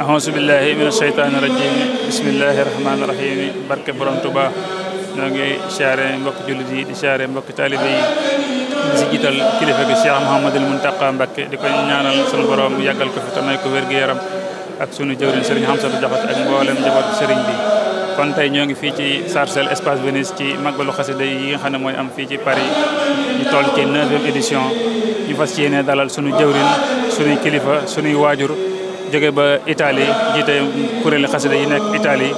ahousu billahi min asheytaani rajim bismillahi rahmaani rahim barke borom Tuba ñoo ngi siyaare mbokki jullit yi di siyaare mbokki taalibe yi di si kilifa gi Cheikh Mouhamadul Mountakha Mbacké di ko ñaanal sunu borom yàggal ko fi te may ko wér-gu-yaram ak sunu jëwriñ Serigne Hamsatu Jaxate ak mboolem njabootu Serigne bi kon tey ñoo ngi fii ci Sarcelles espace Venise ci màggalu xasida yi nga xam ne mooy am fii ci Paris ñu toll ci neuvième édition ñu fas yéene dalal sunu jëwriñ kilifa sunuy waajur jóge ba itali jiite kuréeli xasida yi nekk itali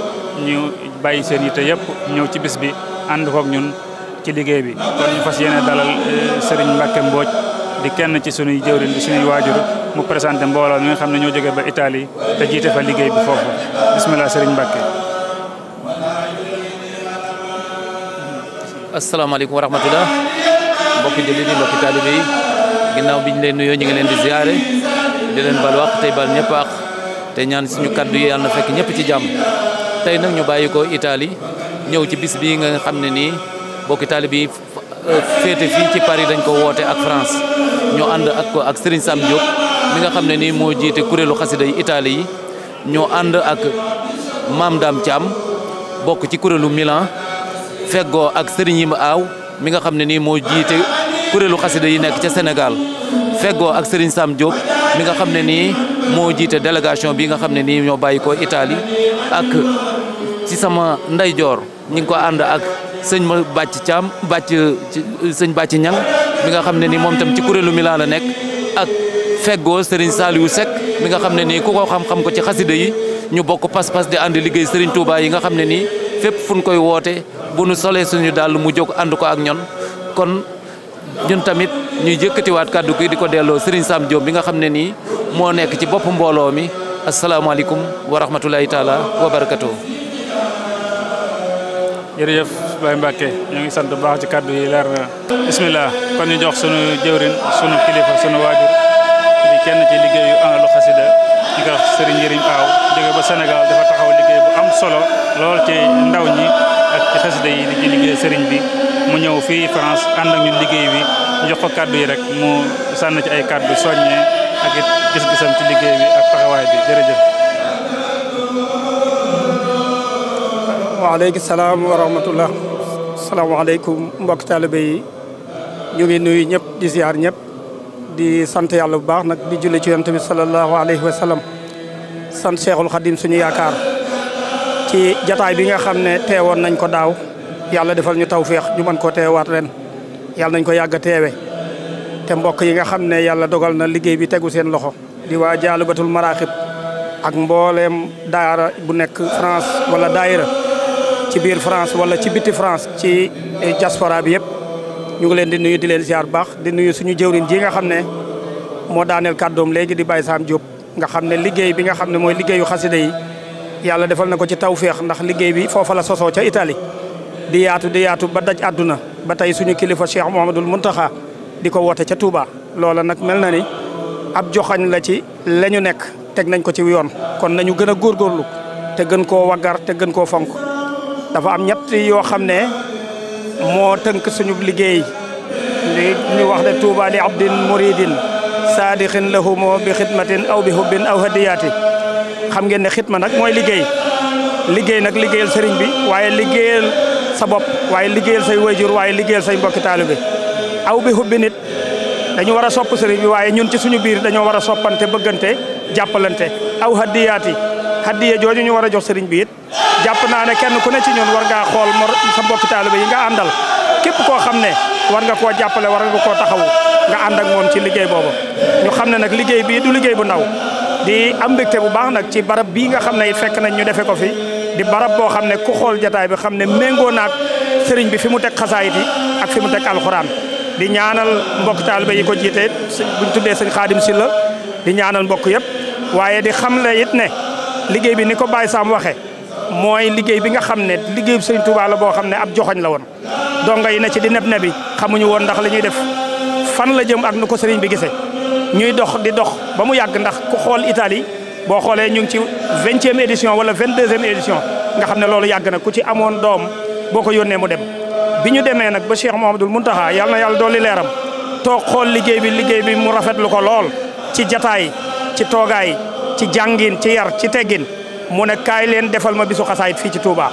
ñu bàyyi seen yitte yëpp ñëw ci bis bi ànd kook ñun ci liggéey bi kon ñu fas yéene dalal eh, Serigne Mbacke Mbodj di kenn ci sunuy jëwriñ di sunuy waajur mu présenté mbooloo mi nga xam ne ñoo jóge ba Italie te jiite fa liggéey bi foofu bismillah sëriñ Mbacke asalaamaaleykum wa rahmatullah mbokki jullit yi mbokki bi ginnaaw biñ leen nuyoo ñu ngi leen di ziare di leen bal wax tey bal ñëpp àq te ñaan suñu kaddu yi yàlla fekk ñëpp ci jàmm tey nag ñu bàyyi ko itali ñëw ci bis bii nga xam ne nii bokki taalibe yi féete fii ci Paris dañ ko woote ak France ñu ànd ak ko ak Serigne Sam Diop mi nga xam ne nii moo jiite kuréelu xasida yi Italie yi ñu ànd ak Maam Dame Thiam bokk ci kuréelu Milan feggoo ak Serigne Yim Aaw mi nga xam ne nii moo jiite kuréelu xasida yi nekk ca Sénégal feggoo ak sëriñ Sam Diop mi nga xam ne nii moo jiite délégation bi nga xam ne nii ñoo bàyyi ko ak ci sama ndeyjoor ñi ngi ko ànd ak sëñ ma bàcc Thiam bàcc sëñ bàcc Ñang mi nga xam ne nii moom tam ci kuréelu Milan la nekk ak feggoo Serigne Saliou Seck mi nga xam ne nii ku ko xam-xam ko ci xasida yi ñu bokk pas-pas di ànd liggéey Serigne Touba yi nga xam ne nii fépp fu ñu koy woote bu nu solee suñu dàll mu jóg ànd ko ak ñoon kon ñun tamit ñuy jëkkatiwaat kàddu kii di ko delloo Serigne Sam Diop bi nga xam ne nii moo nekk ci bopp mbooloo mi asalaamaaleykum wa rahmatulahi taala wa barakatu. jërëjëf Baye Mbacke ngi sant baax ci kàddu yi leer na. bisimilah kon ñu jox sunu jëwrin sunu kilifa sunu waajur di kenn ci liggéey Ahlu Xasida ñu koy wax Njëriñ Aaw jóge ba senegal dafa taxaw liggéey bu am solo lool ci ndaw ñi ak ci da yi di ci liggéey sëriñ bi. ñëw fii France ànd ak ñun liggéey bi ñu jox yi rek mu sànn ci ay kàddu soññee ak it gis-gisam ci liggéey bi ak taxawaay bi jërëjëf. waaleykum salaam wa rahmatullah salaamaaleykum mbokk taalibe yi ñu ngi nuyu ñëpp di ñëpp di sant yàlla bu baax nag di julli ci yonent bi sallallahu alayhi wa sallam sant Cheikhul Khadim suñu yaakaar ci jataay bi nga xam ne teewoon nañ ko daaw. yàlla defal ñu tawféex ñu mën koo teewaat ren yàlla nañ ko yàgg teewe te mbokk yi nga xam ne yàlla dogal na liggéey bi tegu seen loxo di waa jaalubatul maraaxib ak mbooleem daara bu nekk France wala daayira ci biir France wala ci biti France ci diaspora bi yëpp ñu ngi leen di nuyu di leen ziar baax di nuyu suñu jëwriñ ji nga xam ne moo daaneel kàddoom léegi di Baye Sam Diop nga xam ne liggéey bi nga xam ne mooy liggéeyu xasida yi yàlla defal na ko ci tawféex ndax liggéey bi foofa la sosoo ca Italie di yaatu di yaatu ba daj àdduna ba tey suñu kilifa Cheikh Mouhamadul Mountakha di ko woote ca Touba loola nag mel na ni ab joxañ la ci la ñu nekk teg nañ ko ci yoon kon nañu gën a góorlu te gën koo waggar te gën koo fonk dafa am ñett yoo xam ne moo tënk suñu liggéey li ñu wax de Touba li abdin muridin saadixin lahumo bi xidmatin aw bi hubbin aw hadiyaati xam ngeen ne xidma nag mooy liggéey liggéey nag liggéeyal sëriñ bi waaye liggéeyal sa bopp waaye liggéeyal say wayjur waaye liggéeyal say mbokki taalibe aw bi hubbi nit dañu war a sopp sëriñ bi waaye ñun ci suñu biir dañoo war a soppante bëggante jàppalante aw haddiyaati haddiya jooju ñu war a jox sëriñ bi it jàpp naa ne kenn ku ne ci ñun war ngaa xool mor sa mbokki taalibe yi nga àndal képp koo xam ne war nga koo jàppale war nga koo taxawu nga ànd moom ci liggéey boobu ñu xam ne nag liggéey bii du liggéey bu ndaw di am mbégte bu di barab boo xam ne ku xool jataay bi xam ne méngoo naag sëriñ bi fi mu teg xasaayit yi ak fi mu teg alxuraan di ñaanal mbokk taalibe yi ko jiite buñ tuddee sëñ xaadim si la di ñaanal mbokk yëpp waaye di xam le it ne liggéey bi ni ko Baye Sam waxee mooy liggéey bi nga xam ne liggéey bi sëñ Touba boo xam ne ab joxoñ la woon donga yi na ci di neb ne bi xamuñu woon ndax li ñuy def fan la jëm ak nu ko sëriñ bi gisee ñuy dox di dox ba mu yàgg ndax ku xool Italie boo xoolee ñu ngi ci vingtième édition wala vingt deuxième édition nga xam ne loolu yàgg na ku ci amoon doom boo ko yónnee mu dem bi ñu demee nag ba Cheikh Mouhamadoul Mountakha yàlla na yàlla dolli leeram toog xool liggéey bi liggéey bi mu rafetlu ko lool ci jataay ci toogaay ci jàngin ci yar ci teggin mu ne kaay leen defal ma bisu xasaayit fii ci Touba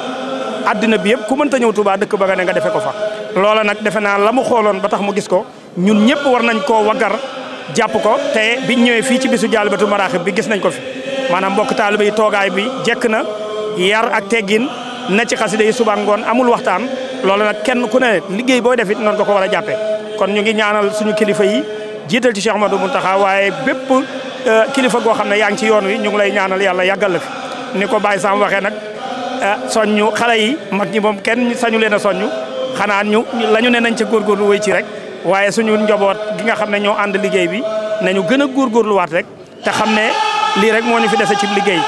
addina bi yëpp ku mënta ñëw Touba dëkk ba nga ne nga defe ko fa loola nag defe naa la mu xooloon ba tax mu gis ko ñun ñëpp war nañ koo waggar jàpp ko te biñ ñëwee fii ci bisu jaalibatu maraaxib bi gis nañ ko fi maanaam mbokk taalibe yi toogaay bi jekk na yar ak teggin na ci xasida yi suba ngoon amul waxtaan loolu nag kenn ku ne liggéey booy defit noonu nga ko war a jàppe kon ñu ngi ñaanal suñu kilifa yi jiital ci Cheikh Ahmadou Mountakha waaye bépp euh, kilifa goo xam ne yaa ngi ci yoon wi ñu ngi lay ñaanal yàlla yàggal la ni ko Baye Sam waxee nag euh, soññu xale yi mag ñi moom kenn sañu leen a soññu xanaa ñu la ñu ne nañ ca góorgóorlu wéy ci rek waaye suñu njaboot gi nga xam ne ñoo ànd liggéey bi nañu gën a góorgóorluwaat rek te xam ne lii rek moo ñu fi dese ci liggéey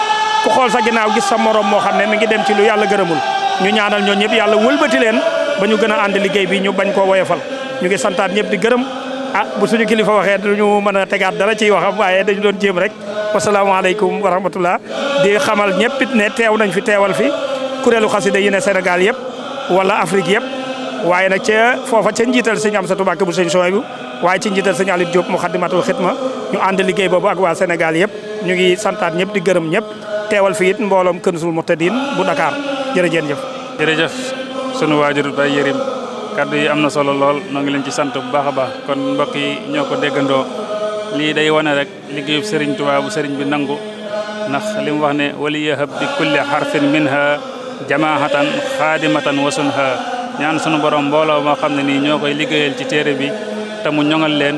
ku xool sa ginnaaw gis sa morom moo xam ne mi ngi dem ci lu yàlla gërëmul ñu ñaanal ñoo ñëpp yàlla wëlbati leen ba ñu gën ànd liggéey bi ñu bañ koo woyofal ñu ngi santaat ñëpp di gërëm a ah, bu suñu kilifa waxee duñu mën a tegaat dara ciy waxam waaye dañu doon jéem rek wasalaamaaleykum wa rahmatullah di xamal ñëpp it ne teew nañ fi teewal fi kuréelu xasida yi ne senegal yëpp wala Afrique yëpp waaye nag ca foofa ca njiital sëñ Amsatou Mbacké bu sëñ Souhaïbou waaye ci njiital sëñ Aliou Diop mu xaddimatul xidma ñu ànd liggéey boobu ak waa Sénégal yëpp ñu ngi santaat ñëpp di gërëm ñëpp teewal fi it mbooloom Kanzul Moutadine bu Dakar jërëjëf jëf jërëjëf sunu waajur Baye Yérim kaddu yi am na solo lool noo ngi leen ci sant bu baax a baax kon mbokk yi ñoo ko déggandoo lii day wane rek liggéeyu sëriñ Touba bu Serigne bi nangu ndax li mu wax ne waliyahab bi kulli harfin minha jamaahatan xaadimatan wasunha ñaan sunu borom mbooloo moo xam ne nii ñoo koy liggéeyal ci téere bi te mu ñoŋal leen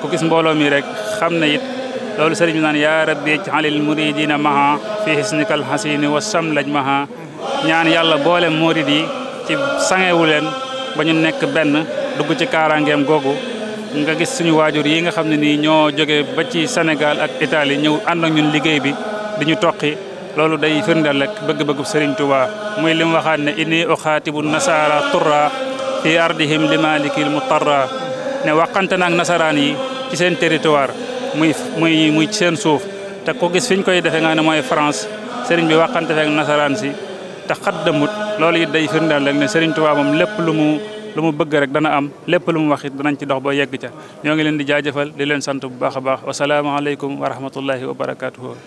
ku gis mbooloo mi rek xam ne it loolu sëriñ bi naan yaa rabbi jalil muridina maha fi hisnikal hasini wa samlaj maha ñaan yàlla boole murid yi ci sangewu leen ba ñu nekk benn dugg ci kaaraangeem googu nga gis suñu waajur yi nga xam ne nii ñoo jóge ba ci senegal ak Italie ñëw ànd ñun liggéey bi di ñu toqi loolu day firndeel rek bëgg-bëggu Sëriñ Tuubaa muy lim waxaat ne inni uxaatibu nasaara turra fi ardihim li mu tara ne waxante naag nasaraan yi ci seen territoire muy muy muy seen suuf te ko gis fi ñu koy defee nga ne mooy France sëriñ bi waxante feek nasaraan si te xat dëmbut loolu it day firndeel rek ne sëriñ Tuubaa moom lépp lu mu lu mu bëgg rek dana am lépp lu mu wax it danañ ci dox boo yegg ca ñoo ngi leen di jaajëfal di leen sant bu baax a baax wasalaamaaleykum wa rahmatullahi wa barakaatuhu